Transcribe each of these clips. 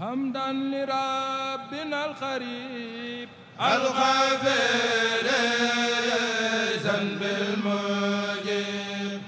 حمدا لربنا القريب الغفير ذنب المجيب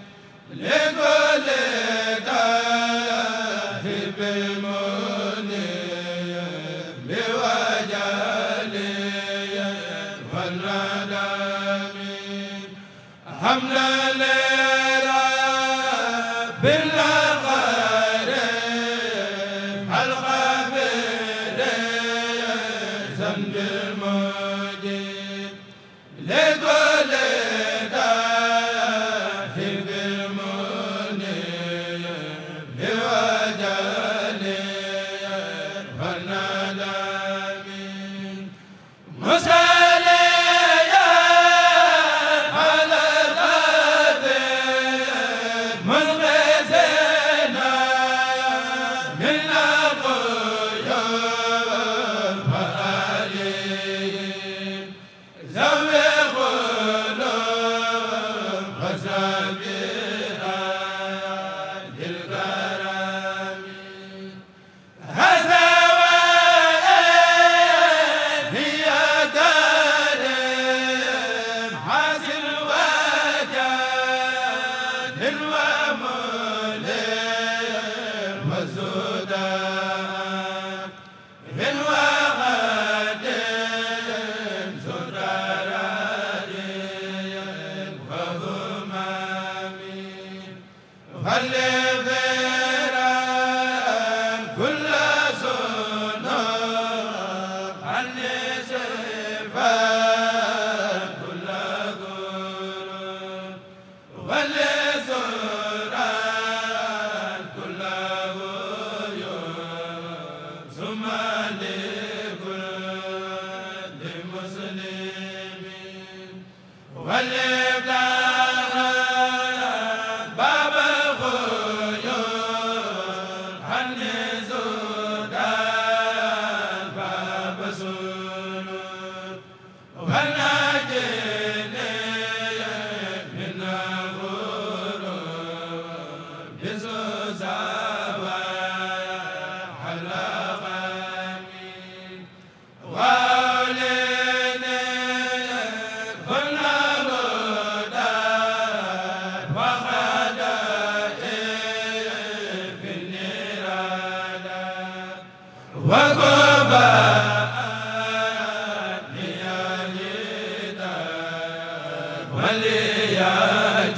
maliya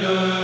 jo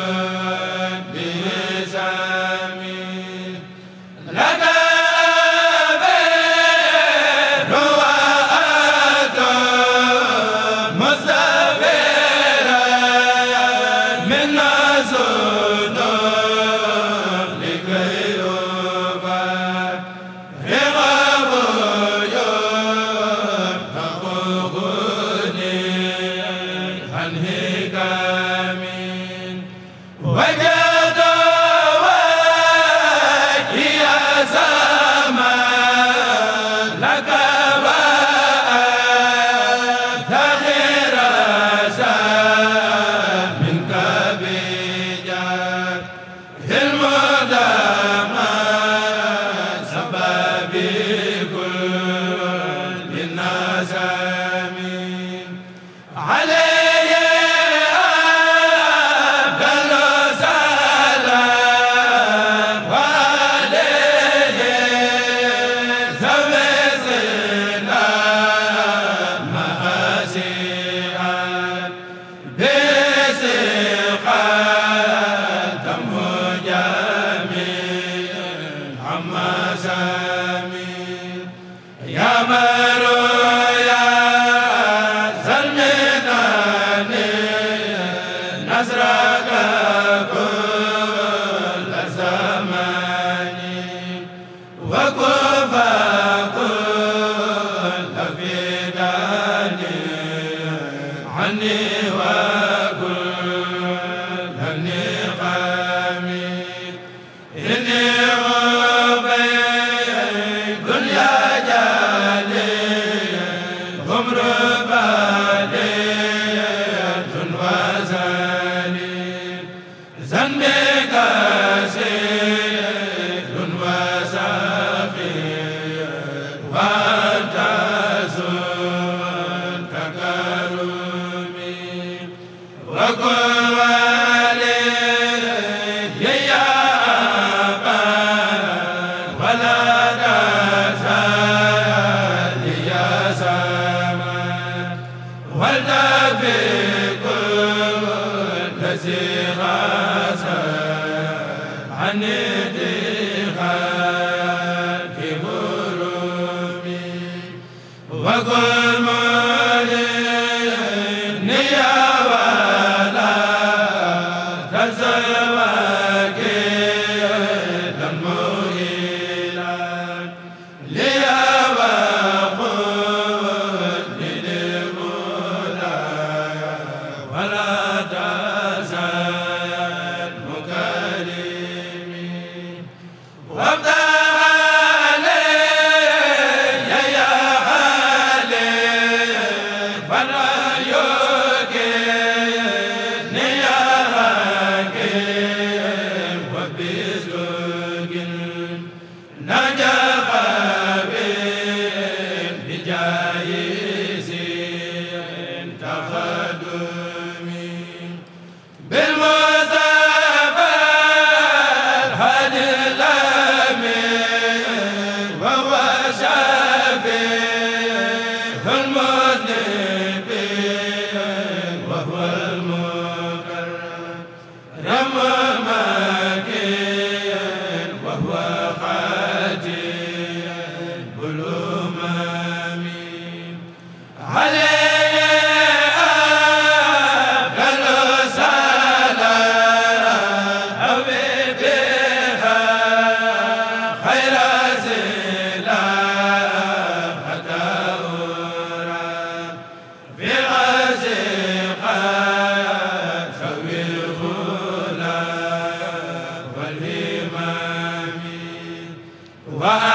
wa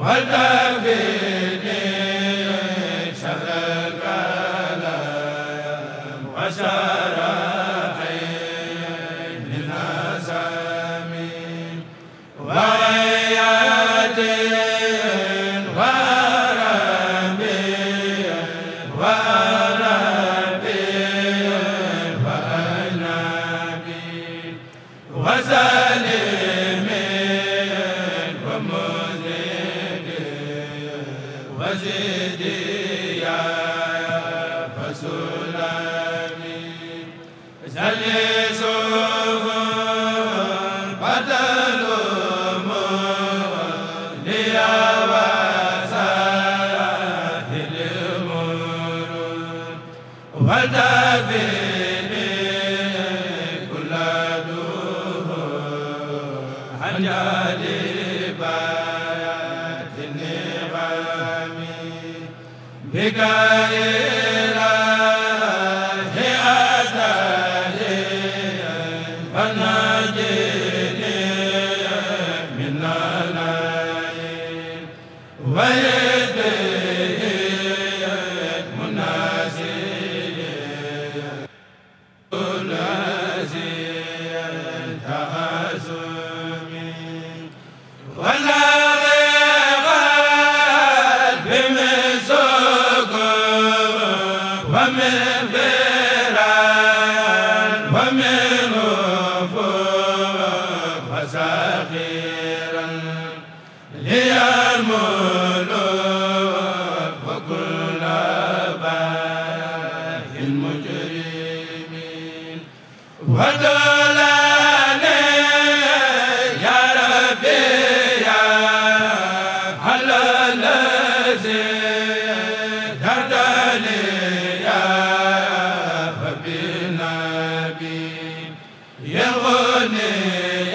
wa يغني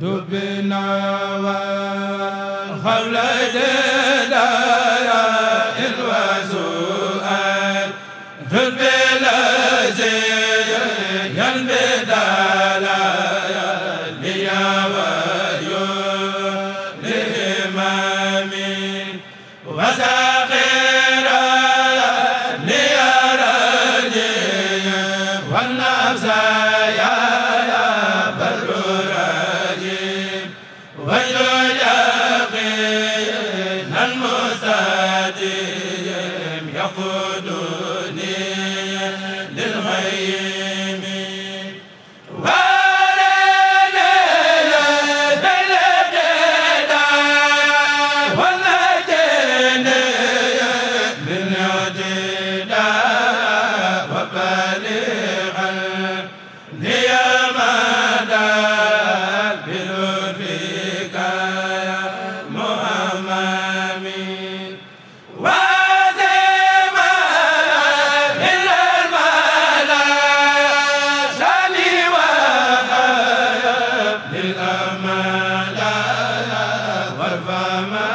بنا وخلد hadi fa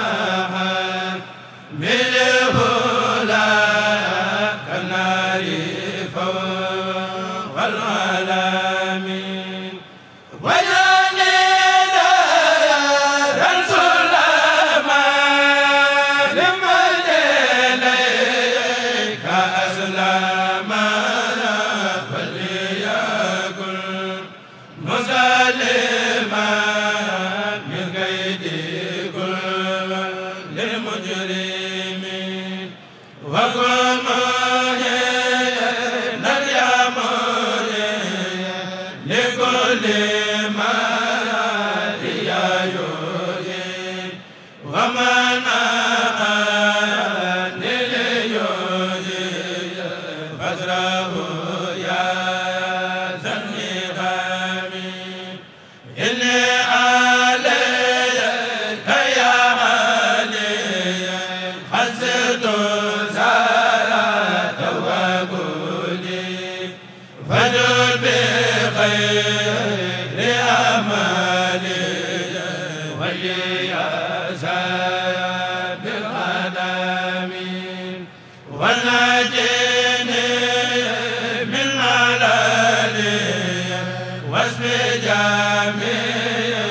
jaami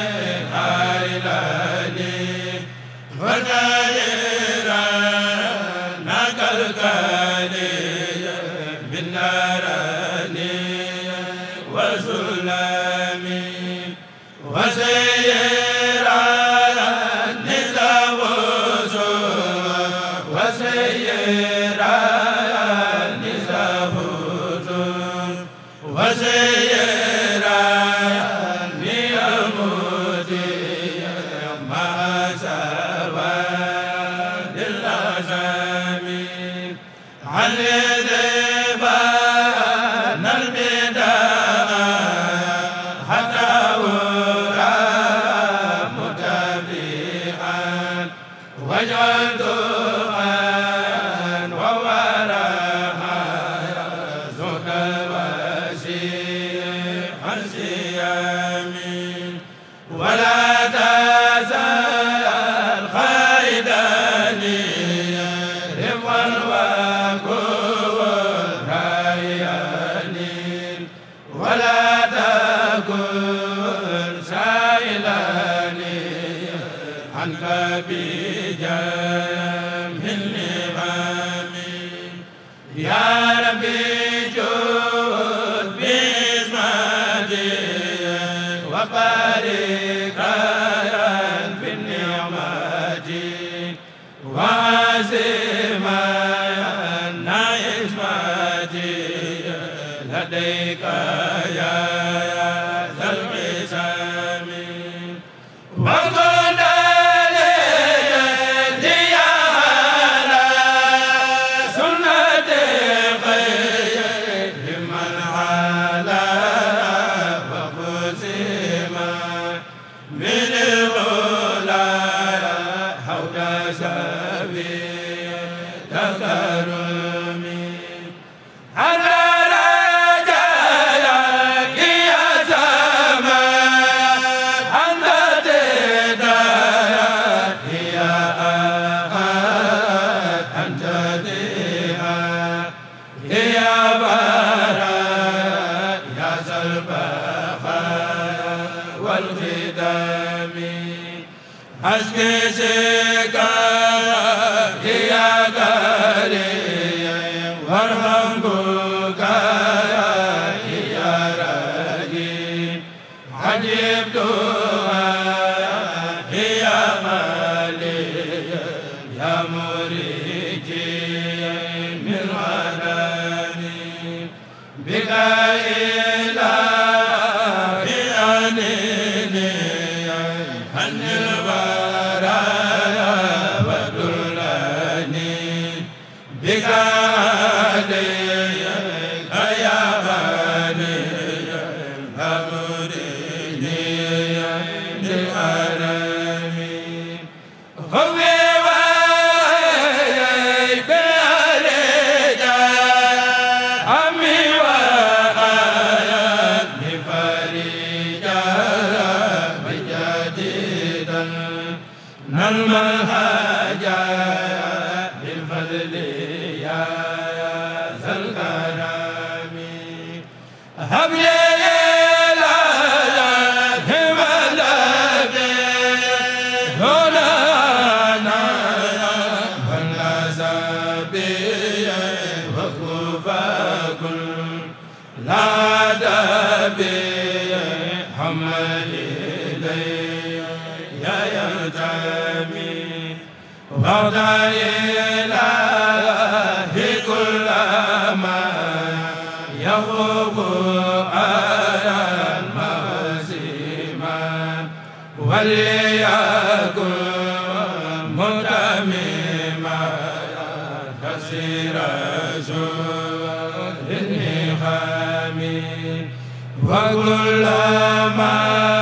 Hare Amen. muriji min wadani bi nal wa kullama